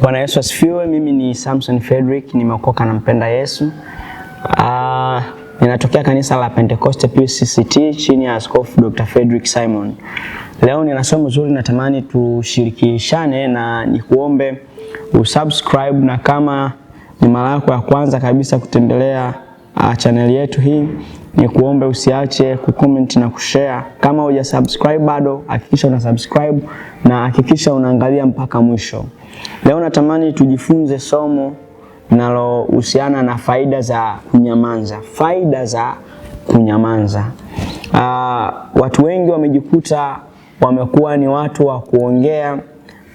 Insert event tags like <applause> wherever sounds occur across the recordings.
Bwana Yesu asifiwe. Mimi ni Samson Frederick, nimeokoka na mpenda Yesu. Uh, ninatokea kanisa la Pentecoste PCCT chini ya Askofu Dr. Frederick Simon. Leo nina somo zuri, natamani tushirikishane na nikuombe usubscribe, na kama ni mara yako ya kwanza kabisa kutembelea uh, ah, chaneli yetu hii ni kuombe usiache kucomment na kushare. Kama hujasubscribe bado, hakikisha una subscribe na hakikisha unaangalia mpaka mwisho. Leo natamani tujifunze somo linalohusiana na faida za kunyamaza, faida za kunyamaza. Aa, ah, watu wengi wamejikuta wamekuwa ni watu wa kuongea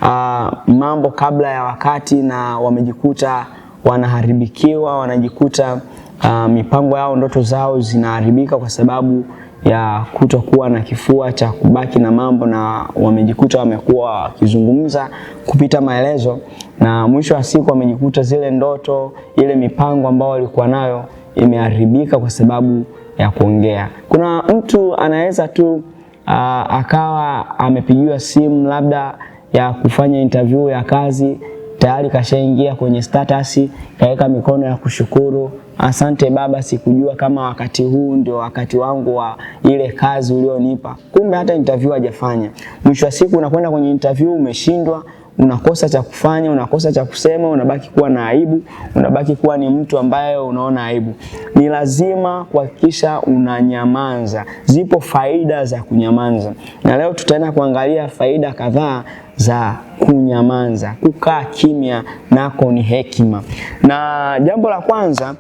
aa, ah, mambo kabla ya wakati na wamejikuta wanaharibikiwa, wanajikuta aa, ah, mipango yao, ndoto zao zinaharibika kwa sababu ya kutokuwa na kifua cha kubaki na mambo, na wamejikuta wamekuwa wakizungumza kupita maelezo, na mwisho wa siku wamejikuta zile ndoto, ile mipango ambayo walikuwa nayo imeharibika kwa sababu ya kuongea. Kuna mtu anaweza tu aa, akawa amepigiwa simu labda ya kufanya interview ya kazi tayari kashaingia kwenye status, kaweka mikono ya kushukuru. Asante Baba, sikujua kama wakati huu ndio wakati wangu wa ile kazi ulionipa. Kumbe hata interview hajafanya. Mwisho wa siku unakwenda kwenye interview umeshindwa unakosa cha kufanya, unakosa cha kusema, unabaki kuwa na aibu, unabaki kuwa ni mtu ambaye unaona aibu. Ni lazima kuhakikisha unanyamaza. Zipo faida za kunyamaza, na leo tutaenda kuangalia faida kadhaa za kunyamaza. Kukaa kimya nako ni hekima, na jambo la kwanza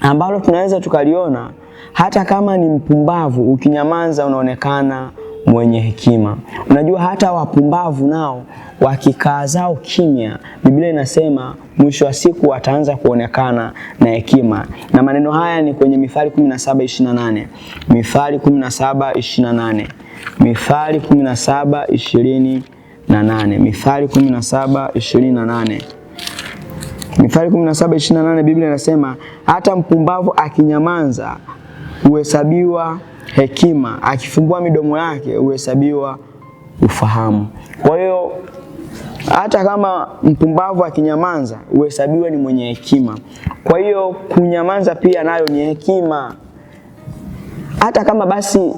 ambalo tunaweza tukaliona, hata kama ni mpumbavu, ukinyamaza unaonekana mwenye hekima. Unajua hata wapumbavu nao wakikaa zao kimya, Biblia inasema mwisho wa siku wataanza kuonekana na hekima. Na maneno haya ni kwenye Mithali 17:28. Mithali 17:28. Mithali 17:28. Mithali 17:28. Mithali 17:28 Biblia inasema hata mpumbavu akinyamaza huhesabiwa hekima, akifungua midomo yake huhesabiwa ufahamu. Kwa hiyo hata kama mpumbavu akinyamaza huhesabiwa ni mwenye hekima. Kwa hiyo kunyamaza pia nayo ni hekima. Hata kama basi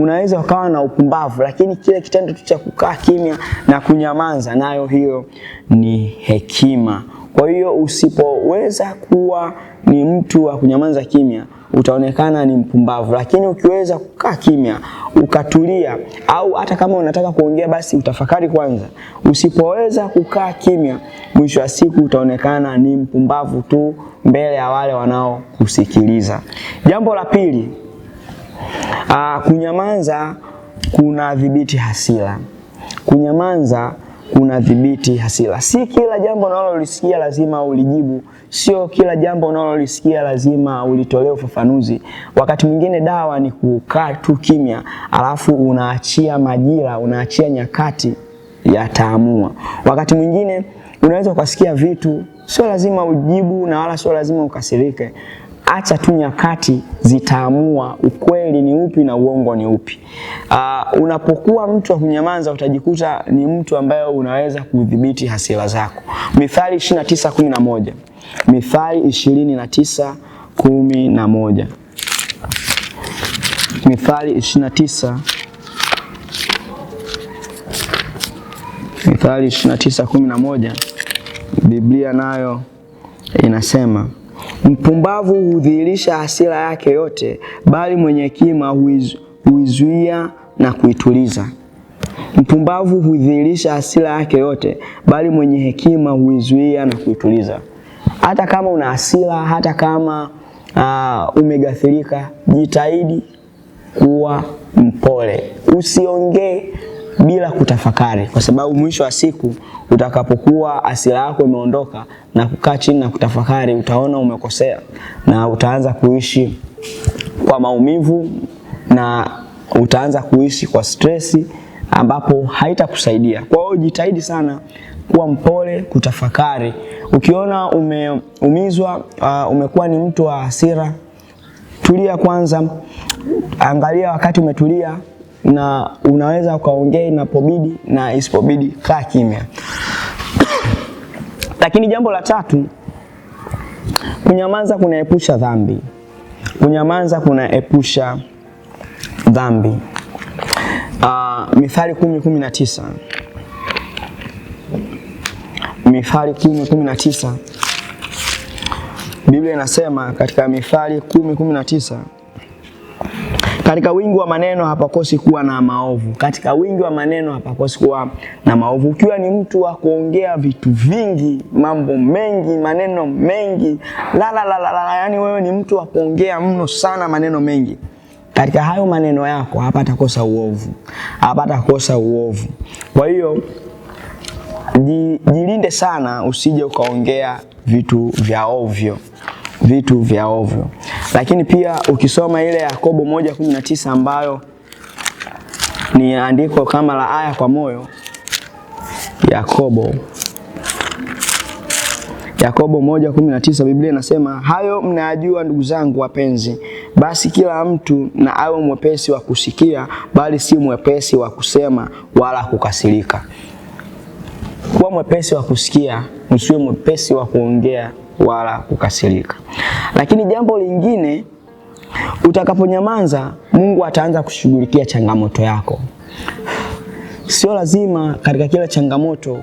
unaweza ukawa na upumbavu, lakini kile kitendo tu cha kukaa kimya na kunyamaza, nayo hiyo ni hekima. Kwa hiyo usipoweza kuwa ni mtu wa kunyamaza kimya, utaonekana ni mpumbavu, lakini ukiweza kukaa kimya ukatulia, au hata kama unataka kuongea basi utafakari kwanza. Usipoweza kukaa kimya, mwisho wa siku utaonekana ni mpumbavu tu mbele ya wale wanaokusikiliza. Jambo la pili, aa, ah, kunyamaza kuna dhibiti hasira. Kunyamaza unadhibiti hasira. Si kila jambo unalolisikia lazima ulijibu, sio kila jambo unalolisikia lazima ulitolee ufafanuzi. Wakati mwingine dawa ni kukaa tu kimya, alafu unaachia majira, unaachia nyakati yataamua. Wakati mwingine unaweza ukasikia vitu, sio lazima ujibu na wala sio lazima ukasirike acha tu nyakati zitaamua ukweli ni upi na uongo ni upi. Uh, unapokuwa mtu wa kunyamaza utajikuta ni mtu ambaye unaweza kudhibiti hasira zako. Mithali 29:11. Mithali 29:11. Mithali 29 Mithali 29:11 Biblia nayo inasema Mpumbavu hudhihirisha hasira yake yote, bali mwenye hekima huizuia na kuituliza. Mpumbavu hudhihirisha hasira yake yote, bali mwenye hekima huizuia na kuituliza. Hata kama una hasira, hata kama uh, umegathirika, jitahidi kuwa mpole, usiongee bila kutafakari, kwa sababu mwisho wa siku utakapokuwa asira yako imeondoka na kukaa chini na kutafakari, utaona umekosea na utaanza kuishi kwa maumivu na utaanza kuishi kwa stresi ambapo haitakusaidia. Kwa hiyo jitahidi sana kuwa mpole, kutafakari. Ukiona umeumizwa, uh, umekuwa ni mtu wa hasira, tulia kwanza, angalia wakati umetulia na unaweza ukaongea inapobidi na isipobidi, kaa kimya. <coughs> Lakini jambo la tatu, kunyamaza kunaepusha dhambi. Kunyamaza kunaepusha dhambi. Uh, Mithali kumi kumi na tisa Mithali kumi kumi na tisa Biblia inasema katika Mithali kumi kumi na tisa katika wingi wa maneno hapakosi kuwa na maovu. Katika wingi wa maneno hapakosi kuwa na maovu. Ukiwa ni mtu wa kuongea vitu vingi, mambo mengi, maneno mengi, la la la la, yani wewe ni mtu wa kuongea mno sana maneno mengi, katika hayo maneno yako hapatakosa uovu, hapatakosa uovu. Kwa hiyo jilinde sana, usije ukaongea vitu vya ovyo vitu vya ovyo. Lakini pia ukisoma ile Yakobo moja kumi na tisa ambayo ni andiko kama la aya kwa moyo. Yakobo Yakobo moja kumi na tisa Biblia inasema hayo mnayajua ndugu zangu wapenzi, basi kila mtu na awe mwepesi wa kusikia, bali si mwepesi wa kusema wala kukasirika. Kuwa mwepesi wa kusikia, usiwe mwepesi wa kuongea wala kukasirika. Lakini jambo lingine, utakaponyamaza Mungu ataanza kushughulikia changamoto yako. Sio lazima katika kila changamoto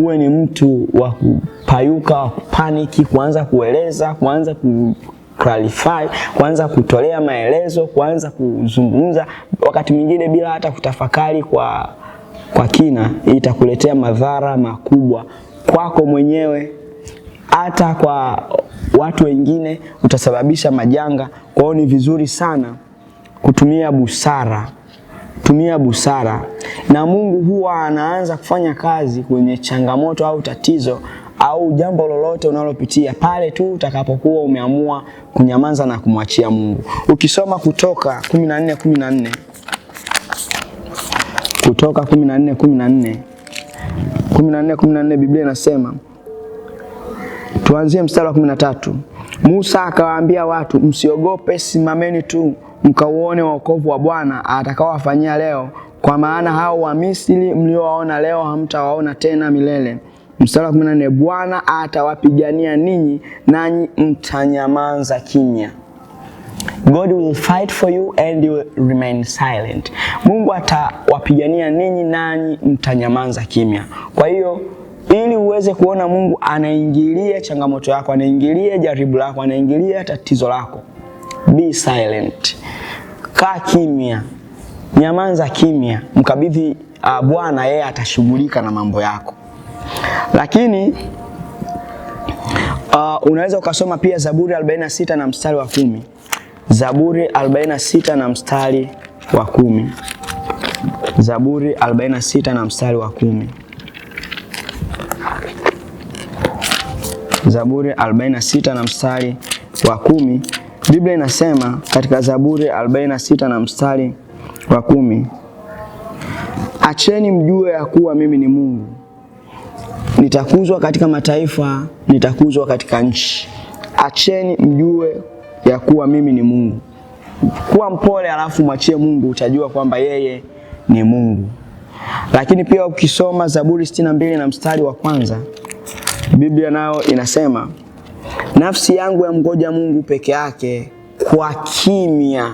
uwe ni mtu wa kupayuka, wa kupaniki, kuanza kueleza, kuanza ku clarify, kuanza kutolea maelezo, kuanza kuzungumza, wakati mwingine bila hata kutafakari kwa, kwa kina, itakuletea madhara makubwa kwako mwenyewe hata kwa watu wengine utasababisha majanga. Kwa hiyo ni vizuri sana kutumia busara, tumia busara, na Mungu huwa anaanza kufanya kazi kwenye changamoto au tatizo au jambo lolote unalopitia pale tu utakapokuwa umeamua kunyamaza na kumwachia Mungu. Ukisoma Kutoka 14:14 14. Kutoka 14:14 14:14 Biblia inasema Tuanzie mstari wa 13. Musa akawaambia watu, msiogope, simameni tu mkauone wokovu wa Bwana atakaowafanyia leo, kwa maana hao wa Misri mliowaona leo hamtawaona tena milele. Mstari wa 14, Bwana atawapigania ninyi nanyi mtanyamaza kimya. God will fight for you and you will remain silent. Mungu atawapigania ninyi nanyi mtanyamaza kimya. Kwa hiyo ili uweze kuona Mungu anaingilia changamoto yako, anaingilia jaribu lako, anaingilia tatizo lako. Be silent. Kaa kimya, nyamaza kimya, mkabidhi uh, Bwana, yeye atashughulika na mambo yako. Lakini uh, unaweza ukasoma pia Zaburi 46 na mstari wa kumi. Zaburi 46 na mstari wa kumi. Zaburi 46 na mstari wa kumi. Zaburi 46 na mstari wa kumi Biblia inasema katika Zaburi 46 na mstari wa kumi acheni mjue ya kuwa mimi ni Mungu, nitakuzwa katika mataifa, nitakuzwa katika nchi. Acheni mjue ya kuwa mimi ni Mungu. Kuwa mpole, alafu mwachie Mungu, utajua kwamba yeye ni Mungu. Lakini pia ukisoma Zaburi 62 na mstari wa kwanza Biblia nayo inasema nafsi yangu yamngoja Mungu peke yake kwa kimya,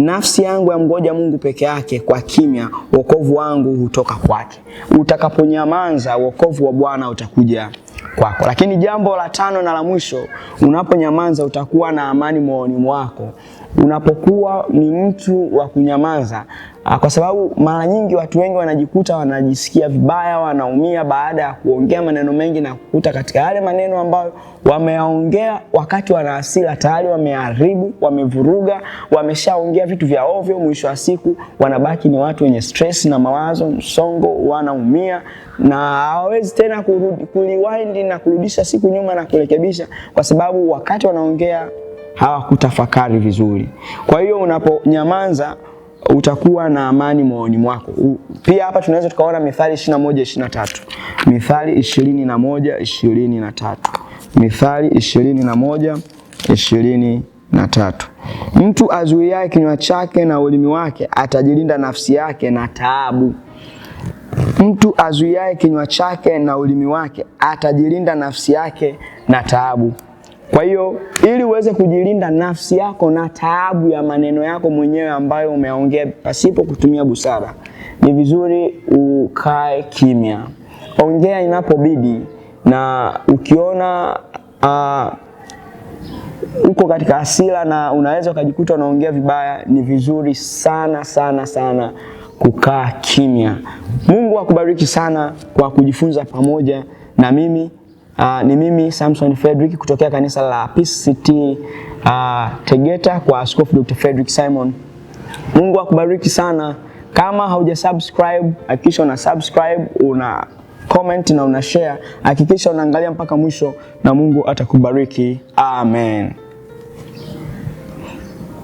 nafsi yangu yamngoja Mungu peke yake kwa kimya, wokovu wangu hutoka kwake. Utakaponyamaza, wokovu wa Bwana utakuja kwako. Lakini jambo la tano na la mwisho, unaponyamaza utakuwa na amani moyoni mwako unapokuwa ni mtu wa kunyamaza, ah, kwa sababu mara nyingi watu wengi wanajikuta wanajisikia vibaya, wanaumia baada ya kuongea maneno mengi na kukuta katika yale maneno ambayo wameyaongea wakati wana hasira tayari wameharibu, wamevuruga, wameshaongea vitu vya ovyo. Mwisho wa siku wanabaki ni watu wenye stress na mawazo msongo, wanaumia na hawawezi tena kuliwindi na kurudisha siku nyuma na kurekebisha, kwa sababu wakati wanaongea hawakutafakari vizuri. Kwa hiyo unaponyamaza utakuwa na amani moyoni mwako. Pia hapa tunaweza tukaona Mithali 21 23. Mithali 21 23. Mithali 21 23. Mtu azuiaye kinywa chake na ulimi wake atajilinda nafsi yake na taabu. Mtu azuiaye kinywa chake na ulimi wake atajilinda nafsi yake na taabu. Kwa hiyo ili uweze kujilinda nafsi yako na taabu ya maneno yako mwenyewe ambayo umeongea pasipo kutumia busara, ni vizuri ukae kimya, ongea inapobidi, na ukiona uh, uko katika hasira na unaweza ukajikuta unaongea vibaya, ni vizuri sana sana sana kukaa kimya. Mungu akubariki sana kwa kujifunza pamoja na mimi. Uh, ni mimi Samson Frederick kutokea kanisa la Peace City uh, Tegeta kwa Askofu Dr. Frederick Simon. Mungu akubariki sana. Kama hauja subscribe, hakikisha una subscribe, una comment na una share. Hakikisha unaangalia mpaka mwisho na Mungu atakubariki. Amen.